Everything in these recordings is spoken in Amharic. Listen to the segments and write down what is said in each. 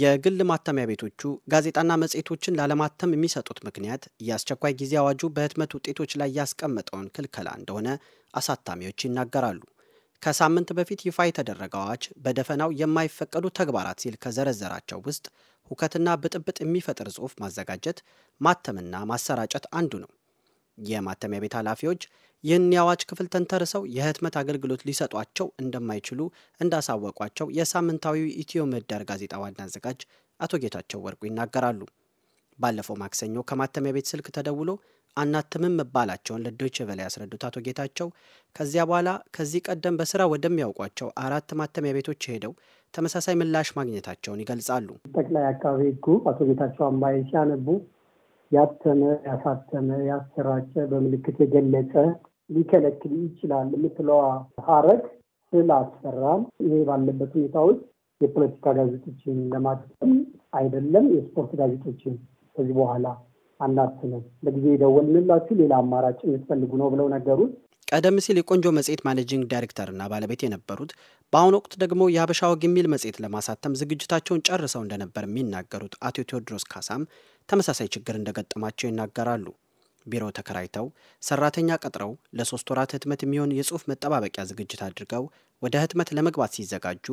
የግል ማተሚያ ቤቶቹ ጋዜጣና መጽሔቶችን ላለማተም የሚሰጡት ምክንያት የአስቸኳይ ጊዜ አዋጁ በህትመት ውጤቶች ላይ ያስቀመጠውን ክልከላ እንደሆነ አሳታሚዎች ይናገራሉ። ከሳምንት በፊት ይፋ የተደረገ አዋጅ በደፈናው የማይፈቀዱ ተግባራት ሲል ከዘረዘራቸው ውስጥ ሁከትና ብጥብጥ የሚፈጥር ጽሑፍ ማዘጋጀት፣ ማተምና ማሰራጨት አንዱ ነው። የማተሚያ ቤት ኃላፊዎች ይህን የአዋጅ ክፍል ተንተርሰው የህትመት አገልግሎት ሊሰጧቸው እንደማይችሉ እንዳሳወቋቸው የሳምንታዊው ኢትዮ ምህዳር ጋዜጣ ዋና አዘጋጅ አቶ ጌታቸው ወርቁ ይናገራሉ። ባለፈው ማክሰኞ ከማተሚያ ቤት ስልክ ተደውሎ አናትምም መባላቸውን ለዶች በላይ ያስረዱት አቶ ጌታቸው ከዚያ በኋላ ከዚህ ቀደም በስራ ወደሚያውቋቸው አራት ማተሚያ ቤቶች ሄደው ተመሳሳይ ምላሽ ማግኘታቸውን ይገልጻሉ። ጠቅላይ አቃቤ ሕጉ አቶ ጌታቸው አምባዬ ሲያነቡ ያተመ፣ ያሳተመ፣ ያሰራጨ፣ በምልክት የገለጸ ሊከለክል ይችላል የምትለዋ ሀረግ ስል አስፈራም። ይሄ ባለበት ውስጥ የፖለቲካ ጋዜጦችን ለማተም አይደለም የስፖርት ጋዜጦችን ከዚህ በኋላ አናትንም ለጊዜ የደወልንላችሁ ሌላ አማራጭ የምትፈልጉ ነው ብለው ነገሩት። ቀደም ሲል የቆንጆ መጽሔት ማኔጂንግ ዳይሬክተርና ባለቤት የነበሩት በአሁኑ ወቅት ደግሞ የሀበሻ ወግ የሚል መጽሔት ለማሳተም ዝግጅታቸውን ጨርሰው እንደነበር የሚናገሩት አቶ ቴዎድሮስ ካሳም ተመሳሳይ ችግር እንደገጠማቸው ይናገራሉ። ቢሮ ተከራይተው ሰራተኛ ቀጥረው ለሶስት ወራት ህትመት የሚሆን የጽሑፍ መጠባበቂያ ዝግጅት አድርገው ወደ ህትመት ለመግባት ሲዘጋጁ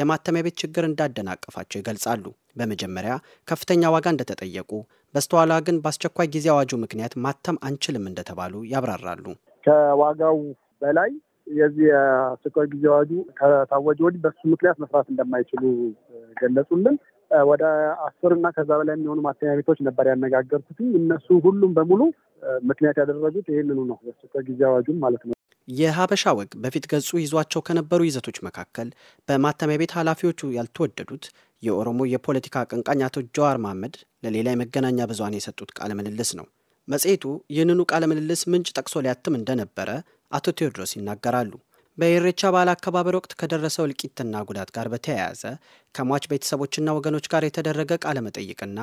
የማተሚያ ቤት ችግር እንዳደናቀፋቸው ይገልጻሉ። በመጀመሪያ ከፍተኛ ዋጋ እንደተጠየቁ፣ በስተኋላ ግን በአስቸኳይ ጊዜ አዋጁ ምክንያት ማተም አንችልም እንደተባሉ ያብራራሉ። ከዋጋው በላይ የዚህ የአስቸኳይ ጊዜ አዋጁ ከታወጀ ወዲህ በሱ ምክንያት መስራት እንደማይችሉ ገለጹልን። ወደ አስር እና ከዛ በላይ የሚሆኑ ማተሚያ ቤቶች ነበር ያነጋገርኩት። እነሱ ሁሉም በሙሉ ምክንያት ያደረጉት ይህንኑ ነው፣ የአስቸኳይ ጊዜ አዋጁን ማለት ነው። የሀበሻ ወግ በፊት ገጹ ይዟቸው ከነበሩ ይዘቶች መካከል በማተሚያ ቤት ኃላፊዎቹ ያልተወደዱት የኦሮሞ የፖለቲካ አቀንቃኝ አቶ ጀዋር መሐመድ ለሌላ የመገናኛ ብዙሃን የሰጡት ቃለ ምልልስ ነው። መጽሔቱ ይህንኑ ቃለ ምልልስ ምንጭ ጠቅሶ ሊያትም እንደነበረ አቶ ቴዎድሮስ ይናገራሉ። በኢሬቻ በዓል አከባበር ወቅት ከደረሰው እልቂትና ጉዳት ጋር በተያያዘ ከሟች ቤተሰቦችና ወገኖች ጋር የተደረገ ቃለ መጠይቅና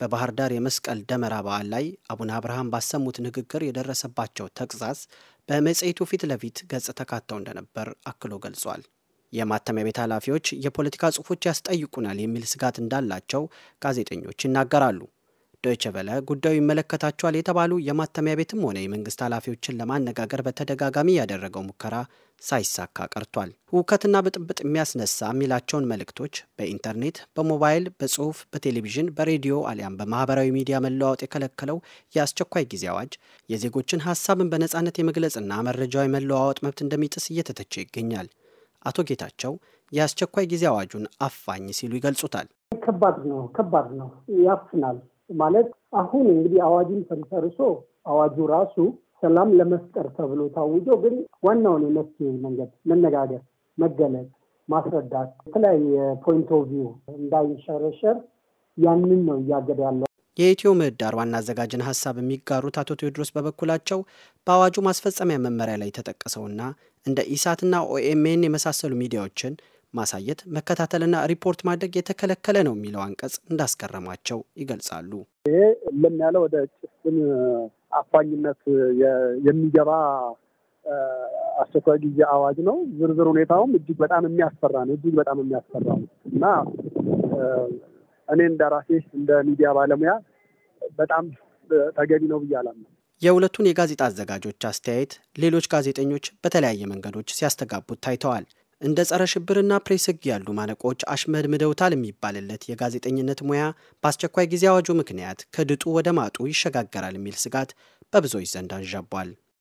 በባህር ዳር የመስቀል ደመራ በዓል ላይ አቡነ አብርሃም ባሰሙት ንግግር የደረሰባቸው ተግዛዝ በመጽሔቱ ፊት ለፊት ገጽ ተካተው እንደነበር አክሎ ገልጿል። የማተሚያ ቤት ኃላፊዎች የፖለቲካ ጽሑፎች ያስጠይቁናል የሚል ስጋት እንዳላቸው ጋዜጠኞች ይናገራሉ። ዶይቸ በለ ጉዳዩ ይመለከታቸዋል የተባሉ የማተሚያ ቤትም ሆነ የመንግስት ኃላፊዎችን ለማነጋገር በተደጋጋሚ ያደረገው ሙከራ ሳይሳካ ቀርቷል። ሁከትና ብጥብጥ የሚያስነሳ የሚላቸውን መልእክቶች በኢንተርኔት፣ በሞባይል፣ በጽሁፍ፣ በቴሌቪዥን፣ በሬዲዮ አሊያም በማህበራዊ ሚዲያ መለዋወጥ የከለከለው የአስቸኳይ ጊዜ አዋጅ የዜጎችን ሀሳብን በነጻነት የመግለጽና መረጃዊ መለዋወጥ መብት እንደሚጥስ እየተተቸ ይገኛል። አቶ ጌታቸው የአስቸኳይ ጊዜ አዋጁን አፋኝ ሲሉ ይገልጹታል። ከባድ ነው፣ ከባድ ነው፣ ያፍናል። ማለት አሁን እንግዲህ አዋጅን ተንተርሶ አዋጁ ራሱ ሰላም ለመፍጠር ተብሎ ታውጆ፣ ግን ዋናውን የመፍትሄ መንገድ መነጋገር፣ መገለጽ፣ ማስረዳት የተለያየ የፖይንት ኦፍ ቪው እንዳይሸረሸር ያንን ነው እያገደ ያለው። የኢትዮ ምህዳር ዋና አዘጋጅን ሀሳብ የሚጋሩት አቶ ቴዎድሮስ በበኩላቸው በአዋጁ ማስፈጸሚያ መመሪያ ላይ የተጠቀሰውና እንደ ኢሳትና ኦኤምኤን የመሳሰሉ ሚዲያዎችን ማሳየት፣ መከታተልና ሪፖርት ማድረግ የተከለከለ ነው የሚለው አንቀጽ እንዳስገረማቸው ይገልጻሉ። ይሄ እልም ያለ ወደ ጭፍን አፋኝነት የሚገባ አስቸኳይ ጊዜ አዋጅ ነው። ዝርዝር ሁኔታውም እጅግ በጣም የሚያስፈራ ነው። እጅግ በጣም የሚያስፈራ ነው እና እኔ እንደ ራሴ እንደ ሚዲያ ባለሙያ በጣም ተገቢ ነው ብዬ አላምነው። የሁለቱን የጋዜጣ አዘጋጆች አስተያየት ሌሎች ጋዜጠኞች በተለያየ መንገዶች ሲያስተጋቡት ታይተዋል። እንደ ጸረ ሽብርና ፕሬስ ሕግ ያሉ ማነቆች አሽመድምደውታል የሚባልለት የጋዜጠኝነት ሙያ በአስቸኳይ ጊዜ አዋጁ ምክንያት ከድጡ ወደ ማጡ ይሸጋገራል የሚል ስጋት በብዙዎች ዘንድ አንዣቧል።